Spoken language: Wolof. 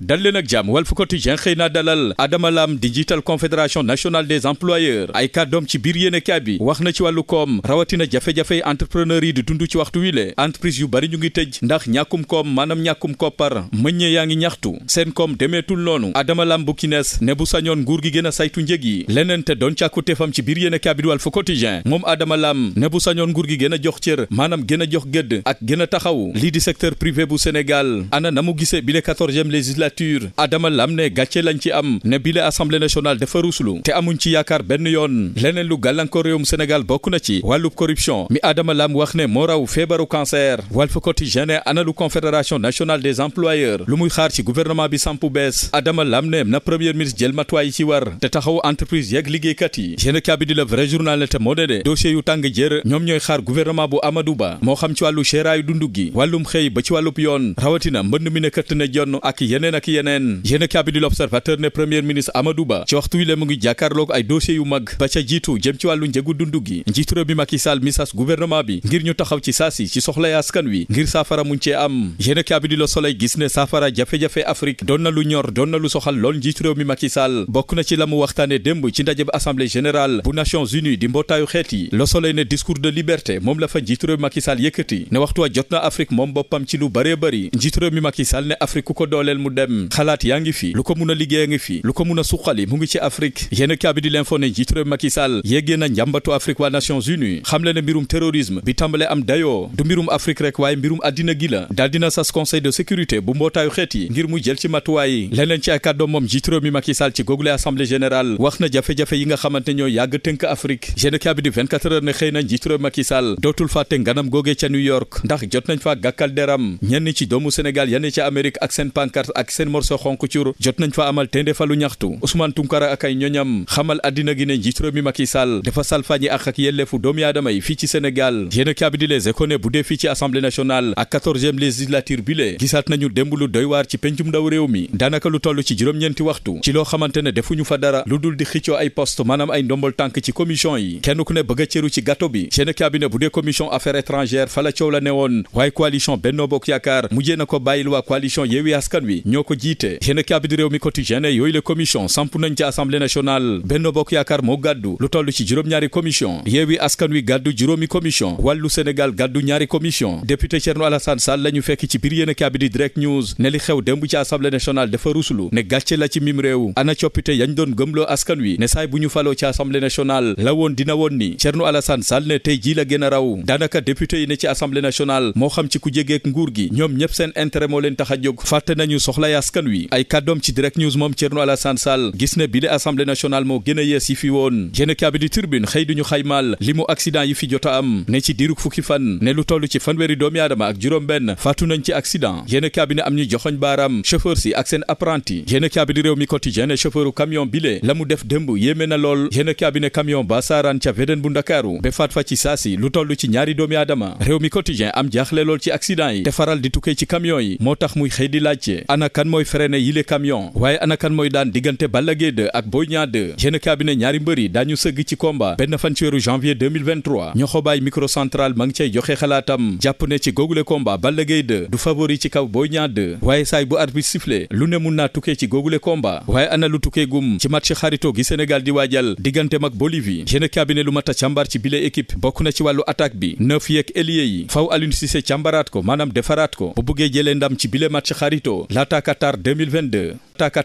dal leen ak jàmm Walf Quotidien xëy na dalal Adama Lam di jiital confédération national des employeurs ay kàddoom ci biir yéene kaay bi wax na ci wàllu koom rawatina jafe-jafey entrepreneur yi di dund ci waxtu wi le entreprise yu bari ñu ngi tëj ndax ñàkkum koom maanaam ñàkkum koppar mëññee yaa ngi ñaxtu seen koom demeetul noonu Adama Lam bu kines ne bu sañoon nguur gi gën a saytu njëg yi leneen te doon càkkute fam ci biir yéene kaay bi di Walf Quotidien moom Adama Lam ne gi gën a jox cër maanaam gën a jox gëdd ak gën a taxaw lii di secteur privé bu Sénégal ana na mu gisee bi le législature Adama Lam ne gàcce lañ ci am ne bile assemblée nationale dafa ruslu te amuñ ci yaakaar benn yoon leneen lu gàllankoor réewum Sénégal bokk na ci wàllub corruption mi Adama Lam wax ne moo raw feebaru cancer Walf Quotidien ne analu confédération nationale des employeurs lu muy xaar ci gouvernement bi sampu bees Adama Lam ne na premier ministre jël matuwaay ci war te taxaw entreprise yeeg a bi di le vrai journal mi yeneen ak a bi di l'observateur ne premier ministre Amadou Ba ci waxtu wi le mu ngi jàkkaarloog ay dossiers yu mag ba ca jiitu jëm ci wàllu njëgu dund gi njiitu réew mi Macky bi ngir ñu taxaw ci saasi ci soxlay askan wi ngir saafara muñ cee am yéen a di Le Soleil gis ne saafara jafe-jafe Afrique doon na lu ñor doon na lu soxal lool njiitu réew bokk na ci la mu waxtaane démb ci ndajeb assemblée générale bu Nations Unies di mbootaayu xeet yi la fa dem xalaat yaa ngi fi lu ko mën a liggéey ngi fi lu ko mun a suqali mu ngi ci Afrique yéen kaa bi di l'info ne njiitu réew Macky Sall yéggee na njàmbatu Afrique waa Nations Unies xam ne mbirum terrorisme bi tàmbale am dayoo du mbirum Afrique rek waaye mbirum àddina gi la daal dina sas conseil de sécurité bu mbootaayu xeet yi ngir mu jël ci matuwaay leneen ci ay kàddoom moom njiitu réew mi Macky Sall ci googule assemblée générale wax na jafe-jafe yi nga xamante ñoo yàgg tënk Afrique yéen kaa bi di 24 heures ne xëy na njiitu réew Macky Sall nganam googee ca New York ndax jot nañ faa gàkkal deram ñenn ci doomu Sénégal yenn ci Amérique ak seen pancarte ak seen morso xonk cuur jot nañ fa amal teende falu ñaxtu Ousmane Tunkara ak ay ñoñam xamal àddina gi ne njiit réew mi Macky Sall dafa salfaañi ak ak yelleefu doomi aadama yi fii ci Sénégal yéen a kaabi di les bu dee fii ci assemblée nationale ak quatorzième législature bi le gisaat nañu démb lu doy waar ci pencum ndaw réew mi daanaka lu toll ci juróom-ñeenti waxtu ci loo xamante ne defuñu fa dara lu dul di xiccoo ay poste maanaam ay ndombol tànk ci commission yi kenn ku ne bëgg a bi yéen a kaabi ne bu dee commission affaires étrangères fa la coow la newoon waaye na ko bàyyil waa coalition Yewwi Askan Wi ko jiite yéen a bi di réew mi quotidien ne yooyu la commission samp ci assemblée nationale benno bokk yaakaar moo gàddu lu toll ci juróom-ñaari commission yeewi askan wi gàddu juróomi commission wàllu sénégal gàddu ñaari commission député Thierno Alassane Sall la fekk ci biir yéen a bi news ne xew démb ci assemblée nationale dafa ruslu ne gàcce la ci mim réew ana coppite yañ doon gëmloo askan wi ne saay bu ñu faloo ci assemblée nationale askan wi ay kàddoom ci direct news moom Thierno Alassane Sall gis ne bi le assemblée moo gën a yees yi fi woon yéenekaay bi di Tribune xëy duñu xaymaal li mu accident yi fi jota am ne ci diirug fukki fan ne lu toll ci fanweeri doomi aadama ak juróom-benn faatu nañ ci accident yéenekaay bi am ñu joxoñ baaraam chauffeur si ak seen apprenti yéenekaay bi réew mi quotidien ne chauffeuru camion bi le def démb yéeme na lool yéenekaay bi ne ba saaraan ca Védène kan mooy freiné yile camion waaye ana kan mooy daan diggante Balla Gaye 2 ak Boy Niang ñaari mbër yi daañu sëgg ci combat benn fan ci weeru janvier 2023 ñoxobaay microcentral ma ngi cay joxe xalaatam jàpp ne ci googule combat Balla Gaye 2 du favori ci kaw Boy Niang 2 waaye saay bu arbitre lu ne mun naa tukkee ci googule combat waaye ana lu tukkee gum ci match xarito gi Sénégal di waajal diggante mag Bolivie génn cabinet lu mat a càmbar ci bile équipe bokk na ci wàllu attaque bi neuf yeeg ailier yi faw Aliou Cissé càmbaraat ko maanaam defaraat ko bu bëggee jëlee ndam ci bile match xarito l'attaque Takatar 2022